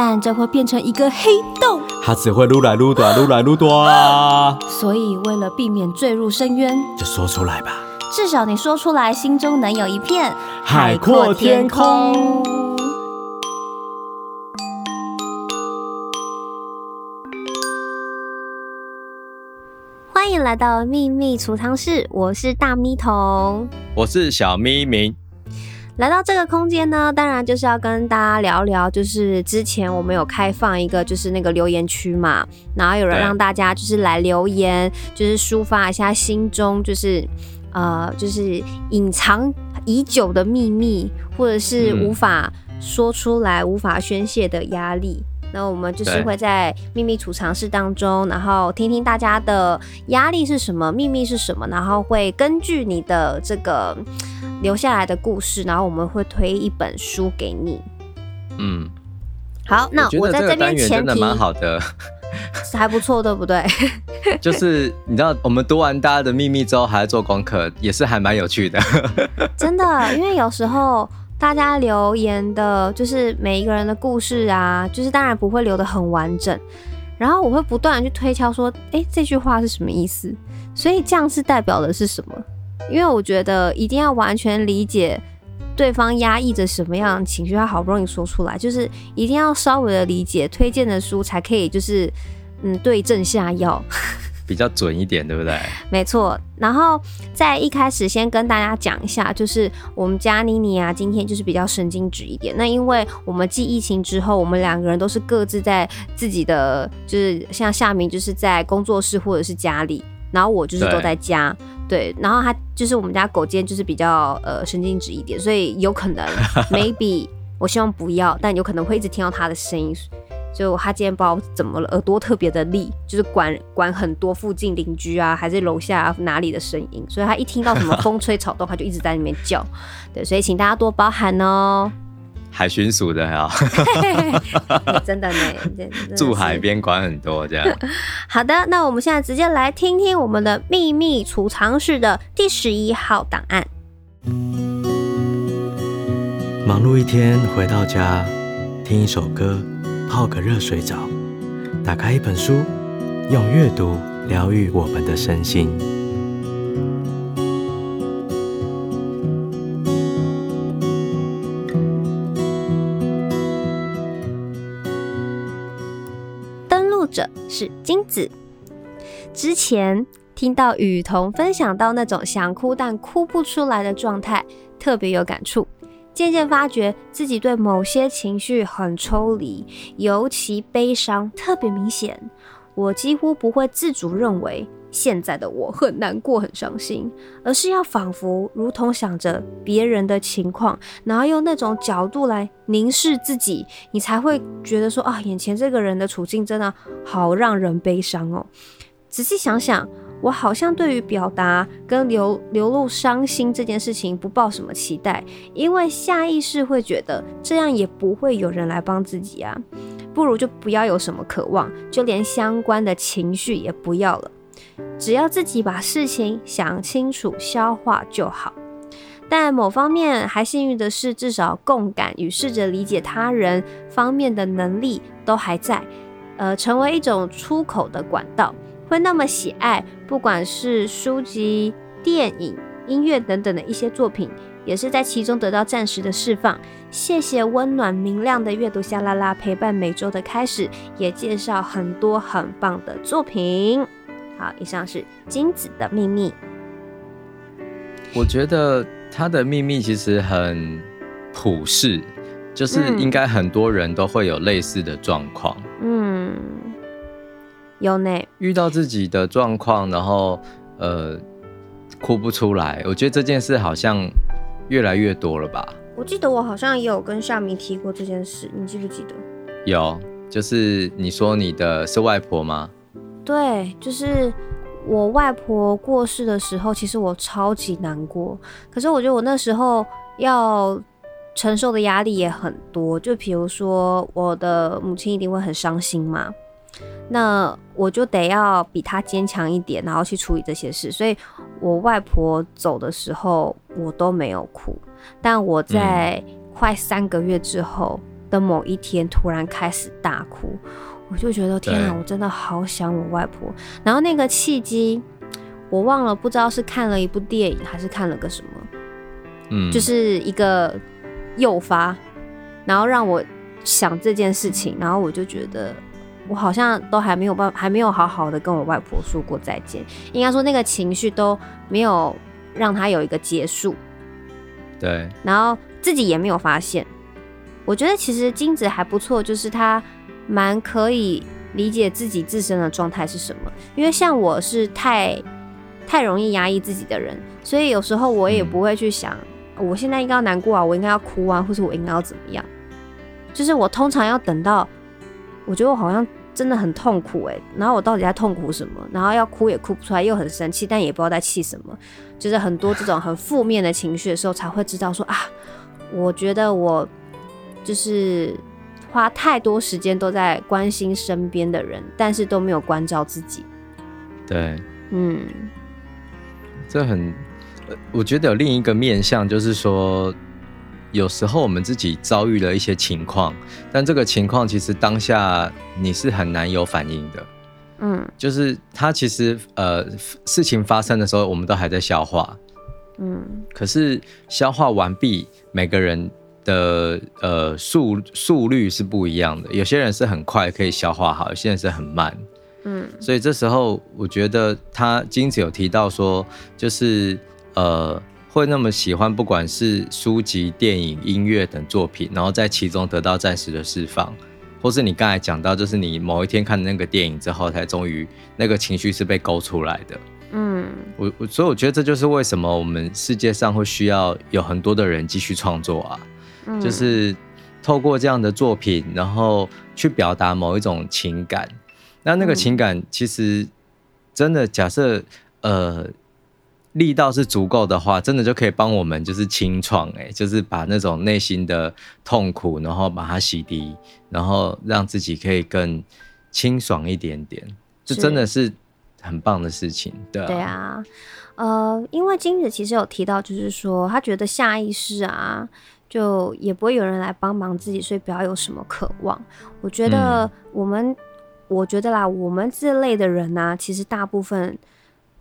但這會變成一個黑洞，它只會愈來愈短，愈來愈大。所以為了避免墜入深淵，就說出來吧。至少你說出來，心中能有一片海闊天空。歡迎來到秘密儲藏室，我是大咪童，我是小咪咪。來到這個空間呢，當然就是要跟大家聊聊，就是之前我們有開放一個就是那個留言區嘛，然後有人讓大家就是來留言，對就是抒發一下心中就是呃就是隱藏已久的祕密，或者是無法說出來、嗯、無法宣洩的壓力。那我們就是會在祕密儲藏室當中，對然後聽聽大家的壓力是什麼，祕密是什麼，然後會根據你的這個留下來的故事，然後我們會推一本書給你。嗯，好，那我覺得這個單元真的蠻好的，的還不錯，對不對？ 就是你知道，我們讀完大家的祕密之後，還要做功課，也是還蠻有趣的。 真的，因為有時候。大家留言的，就是每一個人的故事啊，就是當然不會留得很完整，然後我會不斷的去推敲，說，誒、欸，這句話是什麼意思？所以這樣是代表的是什麼？因為我覺得一定要完全理解對方壓抑着什麼樣的情緒，他好不容易說出來，就是一定要稍微的理解，推薦的書才可以，就是嗯，對症下藥。 比較準一點，對不對？沒錯。然後在一開始先跟大家講一下，就是我們家妮妮啊，今天就是比較神經質一點。那因為我們繼疫情之後，我們兩個人都是各自在自己的，就是像夏明就是在工作室或者是家裡，然後我就是都在家，對，對。然後他就是我們家狗今天就是比較呃神經質一點，所以有可能 maybe 我希望不要，但有可能會一直聽到他的聲音。就他今天不知道怎麼了，耳朵特別的利，就是管管很多附近鄰居啊，還是樓下啊，哪裡的聲音。所以他一聽到什麼風吹草動， 他就一直在裡面叫。對，所以請大家多包涵哦。海巡署的呀，還好 真的呢，真的真的住海邊管很多這樣。 好的，那我們現在直接來聽聽我們的祕密儲藏室的第十一號檔案。忙碌一天回到家，聽一首歌，泡個熱水澡，打開一本書，用閱讀療癒我們的身心。登錄者是京子。之前聽到宇童分享到那種想哭但哭不出來的狀態，特別有感觸。漸漸發覺自己對某些情緒很抽離，尤其悲傷特別明顯。我幾乎不會自主認為現在的我很難過、很傷心，而是要仿佛如同想着別人的情況，然後用那種角度來凝視自己，你才會覺得說啊，眼前這個人的處境真的好讓人悲傷哦。仔細想想，我好像對於表達跟流流露傷心這件事情不抱什麼期待，因為下意識會覺得這樣也不會有人來幫自己啊，不如就不要有什麼渴望，就連相關的情緒也不要了，只要自己把事情想清楚消化就好。但某方面還幸運的是，至少共感與試着理解他人方面的能力都還在，呃，成為一種出口的管道。會那麼喜愛，不管是書籍、電影、音樂等等的一些作品，也是在其中得到暫時的釋放。謝謝溫暖明亮的閱讀夏 LaLa 陪伴每周的開始，也介紹很多很棒的作品。好，以上是京子的秘密。我覺得他的秘密其實很普世，就是應該很多人都會有類似的狀況。嗯。嗯有捏，遇到自己的狀況，然後呃哭不出來。我覺得這件事好像越來越多了吧？我記得我好像也有跟夏米提過這件事，你記不記得？有，就是你說你的，是外婆嗎？對，就是我外婆過世的時候，其實我超級難過。可是我覺得我那時候要承受的壓力也很多，就比如說我的母親一定會很傷心嘛。那我就得要比他堅強一點，然後去處理這些事。所以，我外婆走的時候，我都沒有哭。但我在快三個月之後的某一天，嗯、突然開始大哭。我就覺得對天啊，我真的好想我外婆。然後那個契機，我忘了，不知道是看了一部電影還是看了個什麼，嗯、就是一個誘發，然後讓我想這件事情，嗯、然後我就覺得。我好像都還沒有辦，還沒有好好的跟我外婆說過再見。應該說那個情緒都沒有讓他有一個結束。對。然後自己也沒有發現。我覺得其實京子還不錯，就是他蠻可以理解自己自身的狀態是什麼。因為像我是太太容易壓抑自己的人，所以有時候我也不會去想，嗯哦、我現在應該要難過啊，我應該要哭啊，或是我應該要怎麼樣。就是我通常要等到。我覺得我好像真的很痛苦哎、欸，然後我到底在痛苦什麼？然後要哭也哭不出來，又很生氣，但也不知道在氣什麼，就是很多這種很負面的情緒的時候， 才會知道說啊，我覺得我就是花太多時間都在關心身邊的人，但是都沒有關照自己。對，嗯，這很，我覺得有另一個面向，就是說。有時候我們自己遭遇了一些情況，但這個情況其實當下你是很難有反應的，嗯，就是它其實呃事情發生的時候，我們都還在消化，嗯，可是消化完畢，每個人的呃速速率是不一樣的，有些人是很快可以消化好，有些人是很慢，嗯，所以這時候我覺得他京子有提到說，就是呃。會那麼喜歡，不管是書籍、電影、音樂等作品，然後在其中得到暫時的釋放，或是你剛才講到，就是你某一天看那個電影之後，才終於那個情緒是被勾出來的。嗯，我我所以我覺得這就是為什麼我們世界上會需要有很多的人繼續創作啊，嗯、就是透過這樣的作品，然後去表達某一種情感。那那個情感其實真的假設呃。力道是足夠的話，真的就可以幫我們就是清創，哎，就是把那種內心的痛苦，然後把它洗滌，然後讓自己可以更清爽一點點，這真的是很棒的事情，對是。對啊，對啊呃，因為京子其實有提到，就是說他覺得下意識啊，就也不會有人來幫忙自己，所以不要有什麼渴望。我覺得我們，嗯、我覺得啦，我們這類的人呢、啊，其實大部分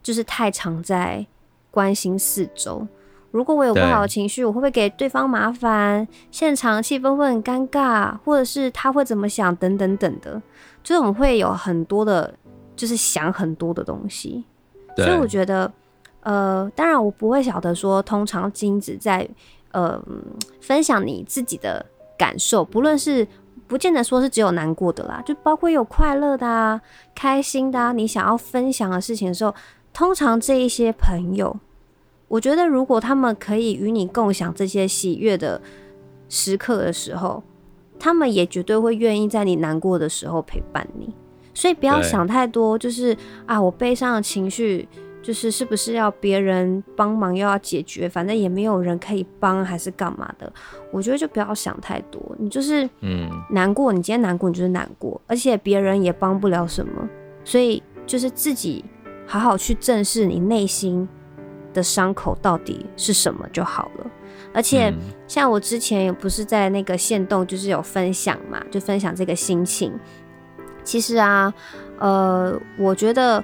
就是太常在，關心四周，如果我有不好的情緒，對 我會不會給對方麻煩？現場氣氛會很尷尬，或者是他會怎麼想，等等等等等的，就是我們會有很多的，就是想很多的東西。對 所以我覺得，呃，當然我不會曉得說，通常京子在呃分享你自己的感受，不論是不見得說是只有難過的啦，就包括有快樂的啊、開心的啊，你想要分享的事情的時候。通常這一些朋友，我覺得如果他們可以與你共享這些喜悅的時刻的時候，他們也絕對會願意在你難過的時候陪伴你。所以不要想太多，對就是啊，我悲傷的情緒，就是是不是要別人幫忙又要解決，反正也沒有人可以幫，還是幹嘛的？我覺得就不要想太多，你就是嗯，難過，嗯、你今天難過，你就是難過，而且別人也幫不了什麼，所以就是自己。好好去正視你內心的傷口到底是什麼就好了。而且，像我之前也不是在那個限動，就是有分享嘛，就分享這個心情。其實啊，呃，我覺得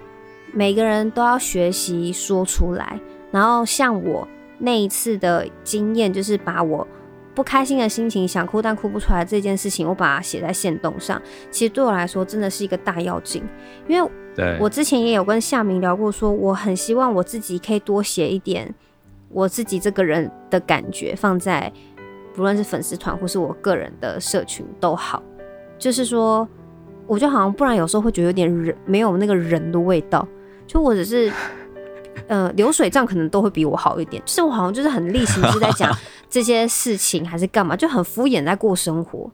每個人都要學習說出來。然後，像我那一次的經驗，就是把我。不開心的心情，想哭但哭不出來這件事情，我把它寫在限動上。其實對我來說，真的是一個大躍進。因為我之前也有跟夏民聊過說，說我很希望我自己可以多寫一點我自己這個人的感覺，放在不論是粉絲團或是我個人的社群都好。就是說，我就好像不然，有時候會覺得有點人沒有那個人的味道，就我只是。 呃，流水賬可能都會比我好一點。就是我好像就是很例行，就是在講這些事情，還是幹嘛， 就很敷衍在過生活。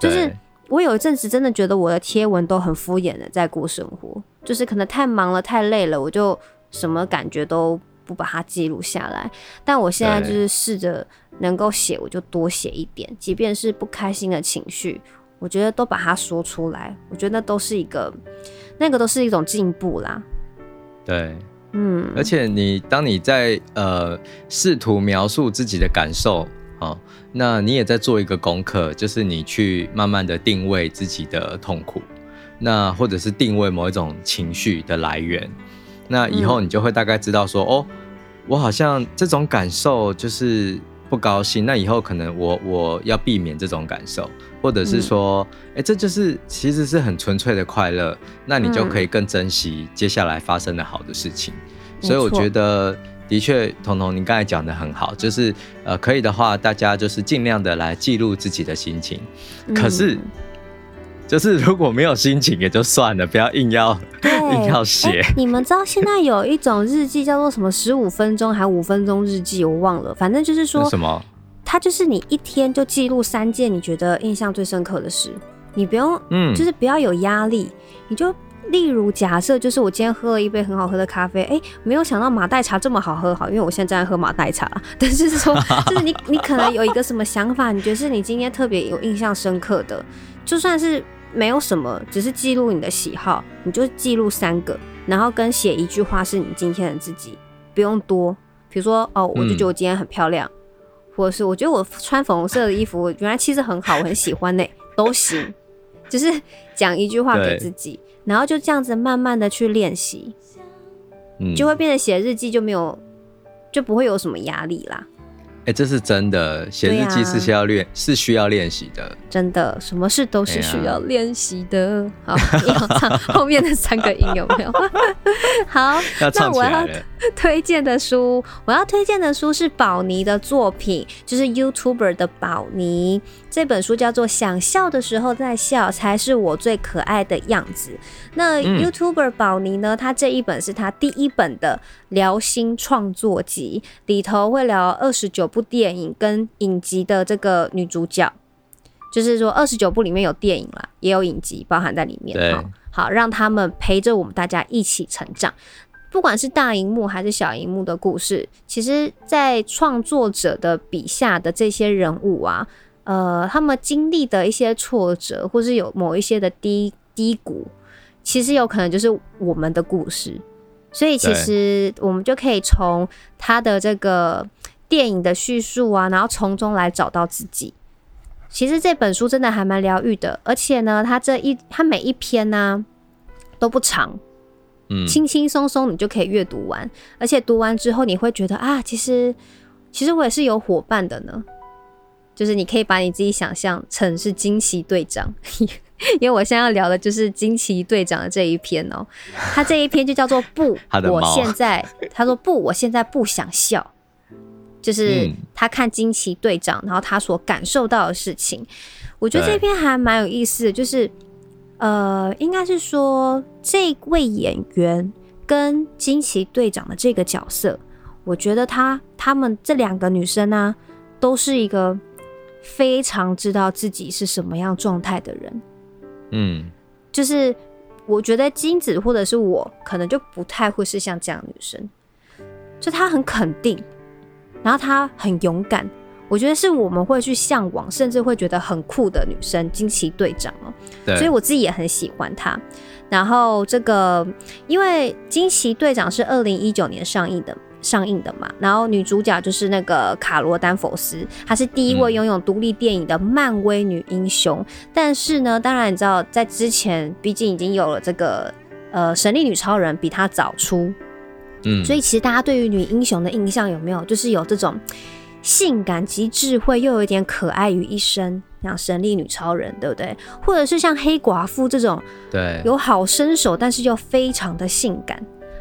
對就是我有一陣子真的覺得我的貼文都很敷衍的在過生活，就是可能太忙了，太累了，我就什麼感覺都不把它記錄下來。但我現在就是試着能夠寫，我就多寫一點，對即便是不開心的情緒，我覺得都把它說出來，我覺得那都是一個，那個都是一種進步啦。對。嗯，而且你當你在呃試圖描述自己的感受啊，哦，那你也在做一個功課，就是你去慢慢的定位自己的痛苦，那或者是定位某一種情緒的來源，那以後你就會大概知道說，嗯，哦，我好像這種感受就是。不高興，那以後可能我我要避免這種感受，或者是說，誒、嗯欸，這就是其實是很純粹的快樂，那你就可以更珍惜接下來發生的好的事情。嗯、所以我覺得、沒錯、的確，童童，你剛才講的很好，就是呃，可以的話，大家就是盡量的來記錄自己的心情。嗯、可是。就是如果沒有心情也就算了，不要硬要對 硬要寫寫、欸。你們知道現在有一種日記叫做什麼十五分鐘還五分鐘日記，我忘了。反正就是說什麼，它就是你一天就記錄三件你覺得印象最深刻的事，你不用嗯，就是不要有壓力。你就例如假設就是我今天喝了一杯很好喝的咖啡，哎、欸，沒有想到馬黛茶這麼好喝，好，因為我現在正在喝馬黛茶。但是，就是說 就是你你可能有一個什麼想法，你覺得是你今天特別有印象深刻的，就算是。沒有什麼，只是記錄你的喜好，你就記錄三個，然後跟寫一句話是你今天的自己，不用多。比如說，哦，我就覺得我今天很漂亮，嗯、或者是我覺得我穿粉紅色的衣服， 原來氣質很好，我很喜歡呢、欸。都行。只 是講一句話給自己，對然後就這樣子慢慢的去練習，嗯、就會變得寫日記就沒有就不會有什麼壓力啦。哎、欸，這是真的。寫日記是需要練，啊、是需要練習的。真的，什麼事都是需要練習的。啊、好，要唱 後面的三個音有沒有？好，那我要推薦的書，我要推薦的書是飽妮的作品，就是 Youtuber 的飽妮。這本書叫做《想笑的時候再笑，才是我最可愛的樣子》。那 Youtuber 飽妮呢？嗯、他這一本是他第一本的。聊新創作集裡頭，會聊二十九部電影跟影集的這個女主角，就是說二十九部裡面有電影啦，也有影集包含在裡面。對好，讓他們陪着我們大家一起成長。不管是大熒幕還是小熒幕的故事，其實在創作者的筆下的這些人物啊，呃，他們經歷的一些挫折，或是有某一些的低低谷，其實有可能就是我們的故事。所以其實我們就可以從他的這個電影的敘述啊，然後從中來找到自己。其實這本書真的還蠻療癒的，而且呢，他這一他每一篇呢、啊、都不長，嗯，輕輕鬆鬆你就可以閱讀完，而且讀完之後你會覺得啊，其實其實我也是有夥伴的呢，就是你可以把你自己想象成是驚奇隊長。 因為我現在要聊的就是《驚奇隊長》的這一篇哦、喔，他這一篇就叫做“不， 的毛 我現在”。他說：“不，我現在不想笑。”就是他看《驚奇隊長》，然後他所感受到的事情，我覺得這篇還蠻有意思的。就是，呃，應該是說這位演員跟《驚奇隊長》的這個角色，我覺得他他們這兩個女生呢、啊，都是一個非常知道自己是什麼樣狀態的人。嗯，就是我覺得京子或者是我，可能就不太會是像這樣的女生，就她很肯定，然後她很勇敢，我覺得是我們會去向往，甚至會覺得很酷的女生。驚奇隊長哦，對，所以我自己也很喜歡她。然後這個，因為驚奇隊長是二零一九年上映的。上映的嘛，然後女主角就是那個卡羅丹佛斯，她是第一位擁有獨立電影的漫威女英雄。嗯、但是呢，當然你知道，在之前畢竟已經有了這個呃神力女超人比她早出，嗯，所以其實大家對於女英雄的印象有沒有，就是有這種性感及智慧又有一點可愛於一身，像神力女超人對不對？或者是像黑寡婦這種，對，有好身手但是又非常的性感。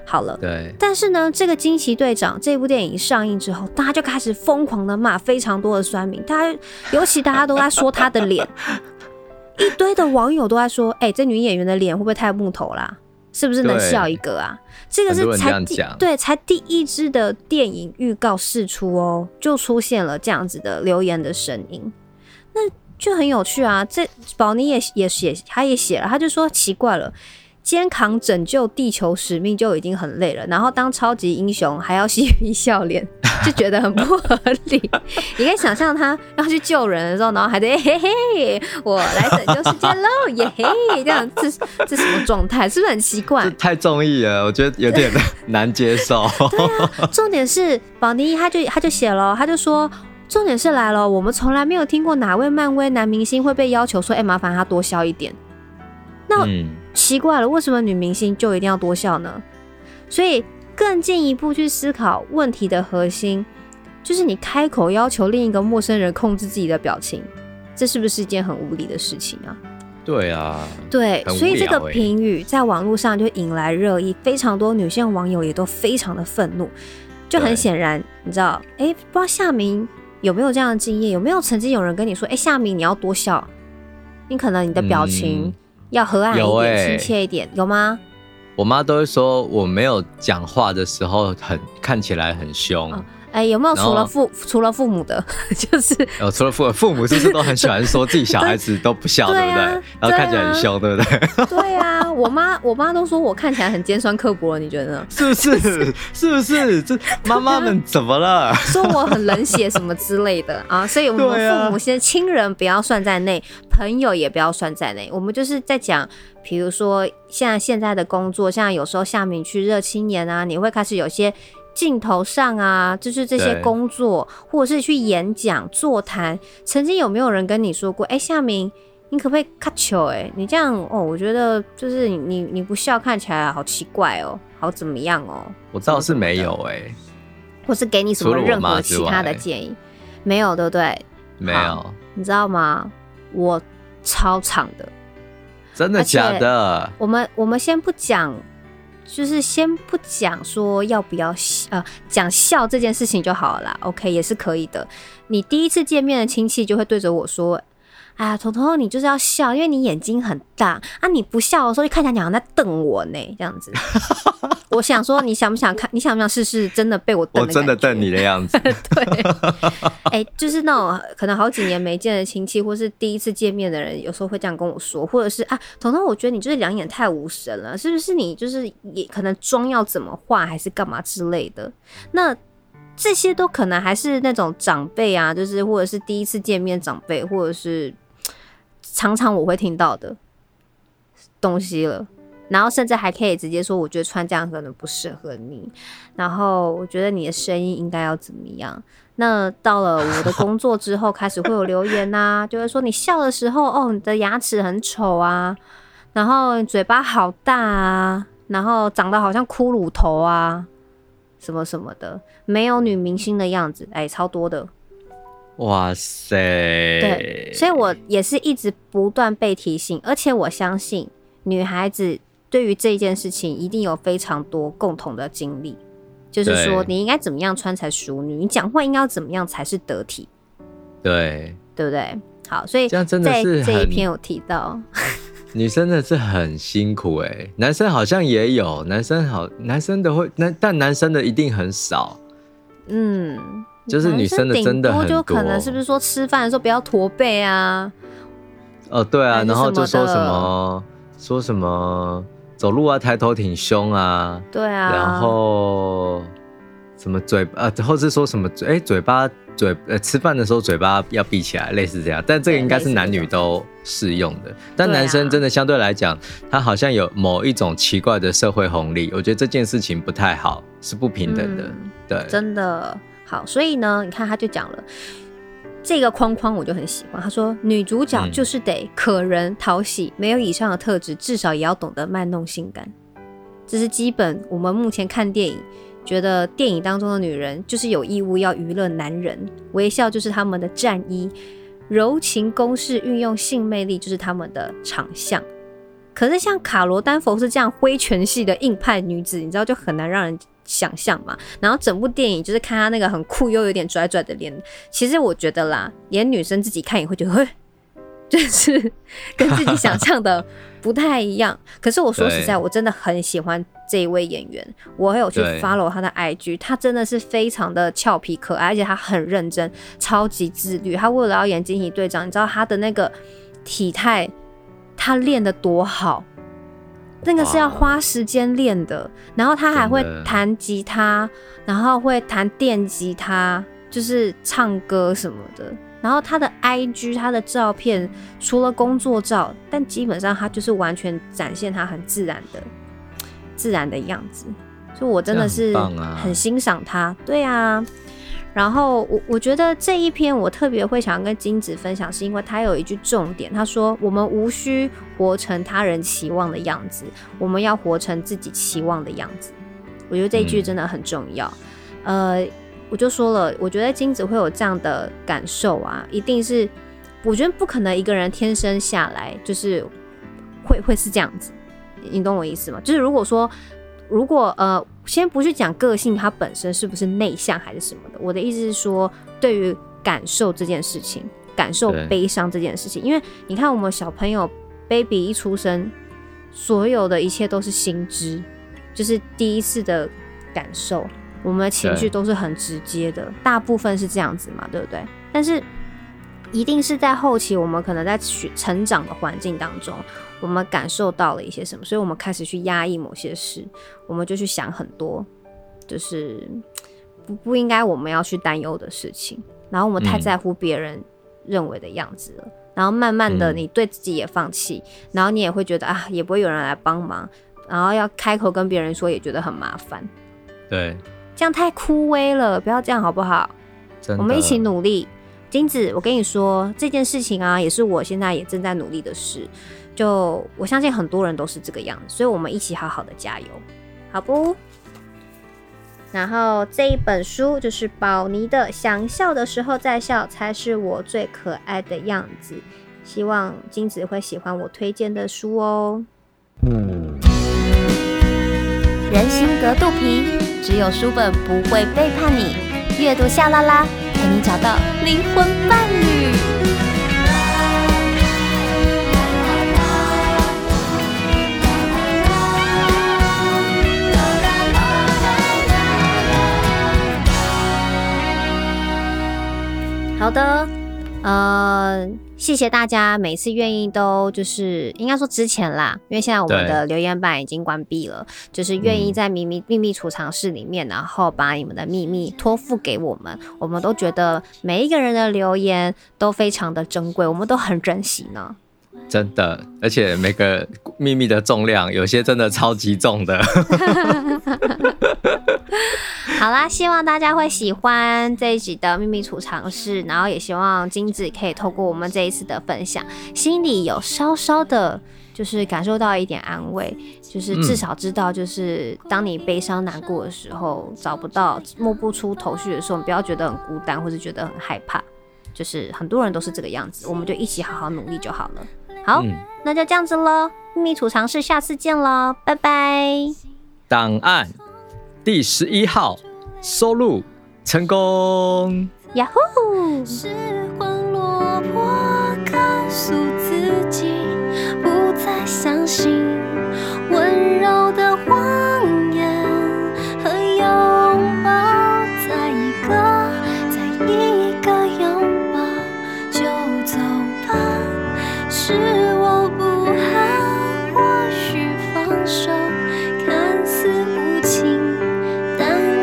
好了，對。但是呢，這個驚奇隊長這部電影上映之後，大家就開始瘋狂的罵非常多的酸民，大家尤其大家都在說他的臉， 一堆的網友都在說，哎、欸，這女演員的臉會不會太木頭啦，啊？是不是能笑一個啊？對這個是才對，才第一支的電影預告釋出哦，就出現了這樣子的留言的聲音，那就很有趣啊。這飽妮也也寫，他也寫了，他就說奇怪了。肩扛拯救地球使命就已經很累了，然後當超級英雄還要嬉皮笑臉，就覺得很不合理。 你可以想象他要去救人的時候，然後還得嘿嘿，我來拯救世界嘍， 耶嘿！這樣這這什麼狀態？是不是很奇怪？太綜藝了，我覺得有點難接受。 對啊、重點是飽妮，她就她就寫了，他就說重點是來了，我們從來沒有聽過哪位漫威男明星會被要求說，哎、欸，麻煩他多笑一點。那。嗯奇怪了，為什麼女明星就一定要多笑呢？所以更進一步去思考問題的核心，就是你開口要求另一個陌生人控制自己的表情，這是不是一件很無理的事情啊？對啊，對，欸、所以這個評語在網絡上就引來熱議，非常多女性網友也都非常的憤怒。就很顯然，對你知道，哎、欸，不知道夏明有沒有這樣的經驗，有沒有曾經有人跟你說，哎、欸，夏明你要多笑，你可能你的表情、嗯。要和藹一點，親、欸、切一點，有嗎？我媽都會說，我沒有講話的時候很看起來很兇。啊哎、欸，有沒有除了父後除了父母的，就是哦，除了父母父母，是不是都很喜歡說自己小孩子都不笑 對，、啊、對不對？然後看起來很兇，對，啊、對不對？對呀、啊，我媽我媽都說我看起來很尖酸刻薄了，你覺得呢？是不是？是不是？這媽媽們怎麼了？啊、說我很冷血什麼之類的啊？所以我們父母先親人不要算在內，啊、朋友也不要算在內。我們就是在講，比如說像現在的工作，像有時候夏明去熱青年啊，你會開始有些。鏡頭上啊，就是這些工作，對或者是去演講、座談，曾經有沒有人跟你說過？哎、欸，夏明，你可不可以開球？哎，你這樣哦、喔，我覺得就是你，你不笑看起來好奇怪哦、喔，好怎麼樣哦、喔？我倒是沒有哎、欸，或是給你什麼任何其他的建議？除了我罵之外。沒有，對不對？沒有，你知道嗎？我超長的，真的假的？我們我們先不講。就是先不講說要不要笑，呃，講笑這件事情就好了啦，OK 也是可以的。你第一次見面的親戚就會對着我說：“哎呀，彤彤你就是要笑，因為你眼睛很大啊，你不笑的時候就看起來你好像在瞪我呢，這樣子。” 我想說，你想不想看？你想不想試試真的被我瞪？我真的瞪你的樣子。 對，哎、欸，就是那種可能好幾年沒見的親戚，或是第一次見面的人，有時候會這樣跟我說，或者是啊，童童，我覺得你就是兩眼太無神了，是不是？你就是也可能妝要怎麼化，還是幹嘛之類的？那這些都可能還是那種長輩啊，就是或者是第一次見面長輩，或者是常常我會聽到的東西了。然後甚至還可以直接說，我覺得穿這樣可能不適合你。然後我覺得你的聲音應該要怎麼樣？那到了我的工作之後，開始會有留言吶、啊， 就會說你笑的時候，哦，你的牙齒很醜啊，然後嘴巴好大啊，然後長得好像骷髏頭啊，什麼什麼的，沒有女明星的樣子，哎、欸，超多的。哇塞！對，所以我也是一直不斷被提醒，而且我相信女孩子。對於這一件事情，一定有非常多共同的經歷，對就是說，你應該怎麼樣穿才淑女？你講話應該要怎麼樣才是得體？對，對不對？好，所以這樣真的是這一篇有提到，女生的是很辛苦哎、欸， 男生好像也有，男生好，男生的會，男但男生的一定很少，嗯，就是女生的真的很多。多就可能是不是說吃飯的時候不要駝背啊？哦，對啊，然後就說什麼說什麼。走路啊，抬頭挺胸啊，對啊，然後什麼嘴呃、啊，或是說什麼嘴哎，嘴巴嘴呃，吃飯的時候嘴巴要閉起來，類似這樣。但這個應該是男女都適用的，但男生真的相對來講，他好像有某一種奇怪的社會紅利。啊、我覺得這件事情不太好，是不平等的，嗯、對，真的好。所以呢，你看他就講了。這個框框我就很喜歡。他說，女主角就是得可人討喜，嗯、沒有以上的特質，至少也要懂得賣弄性感。這是基本，我們目前看電影，覺得電影當中的女人就是有義務要娛樂男人，微笑就是他們的戰衣，柔情攻勢運用性魅力就是他們的長相。可是像卡羅丹佛斯這樣揮拳係的硬派女子，你知道就很難讓人想象嘛。然後整部電影就是看他那個很酷又有點拽拽的臉。其實我覺得啦，連女生自己看也會覺得，就是跟自己想象的不太一樣。 可是我說實在，我真的很喜歡這一位演員。對我還有去 follow 他的 IG，他真的是非常的俏皮可愛，而且他很認真，超級自律。他為了要演驚奇隊長，你知道他的那個體態。他練得多好，那個是要花時間練的。Wow, 然後他還會彈吉他，真的。然後會彈電吉他，就是唱歌什麼的。然後他的 IG，他的照片，除了工作照，但基本上他就是完全展現他很自然的自然的樣子。就我真的是很欣賞他，對啊。然後我我覺得這一篇我特別會想跟京子分享，是因為他有一句重點，他說：“我們無需活成他人期望的樣子，我們要活成自己期望的樣子。”我覺得這一句真的很重要。嗯、呃，我就說了，我覺得京子會有這樣的感受啊，一定是，我覺得不可能一個人天生下來就是會會是這樣子，你懂我意思嗎？就是如果說。如果呃，先不去講個性，它本身是不是內向還是什麼的，我的意思是說，對於感受這件事情，感受悲傷這件事情，對因為你看我們小朋友 baby 一出生，所有的一切都是新知，就是第一次的感受，我們的情緒都是很直接的，對大部分是這樣子嘛，對不對？但是一定是在後期，我們可能在學成長的環境當中。我們感受到了一些什麼，所以我們開始去壓抑某些事，我們就去想很多，就是不不應該我們要去擔憂的事情。然後我們太在乎別人認為的樣子了，嗯、然後慢慢的你對自己也放棄，嗯、然後你也會覺得啊，也不會有人來幫忙，然後要開口跟別人說也覺得很麻煩。對，這樣太枯萎了，不要這樣好不好？的我們一起努力，京子，我跟你說這件事情啊，也是我現在也正在努力的事。就我相信很多人都是這個樣子，所以我們一起好好的加油，好不？然後這一本書就是飽妮的，《想笑的時候再笑，才是我最可愛的樣子》，希望京子會喜歡我推薦的書哦。嗯、人心隔肚皮，只有書本不會背叛你。閱讀夏 LaLa，陪你找到靈魂伴侶。好的，嗯、呃，謝謝大家每次願意都就是應該說之前啦，因為現在我們的留言板已經關閉了，對就是願意在秘密、嗯、秘密儲藏室裡面，然後把你們的秘密托付給我們，我們都覺得每一個人的留言都非常的珍貴，我們都很珍惜呢。真的，而且每個秘密的重量，有些真的超級重的。 好啦，希望大家會喜歡這一集的祕密儲藏室，然後也希望京子可以透過我們這一次的分享，心裡有稍稍的，就是感受到一點安慰，就是至少知道，就是當你悲傷難過的時候，找不到摸不出頭緒的時候，不要覺得很孤單，或是覺得很害怕，就是很多人都是這個樣子，我們就一起好好努力就好了。好，嗯、那就這樣子嘍，秘密儲藏室下次見嘍，拜拜。檔案第十一號。收錄成功，呀呼，失魂落魄，告訴自己不再相信溫柔。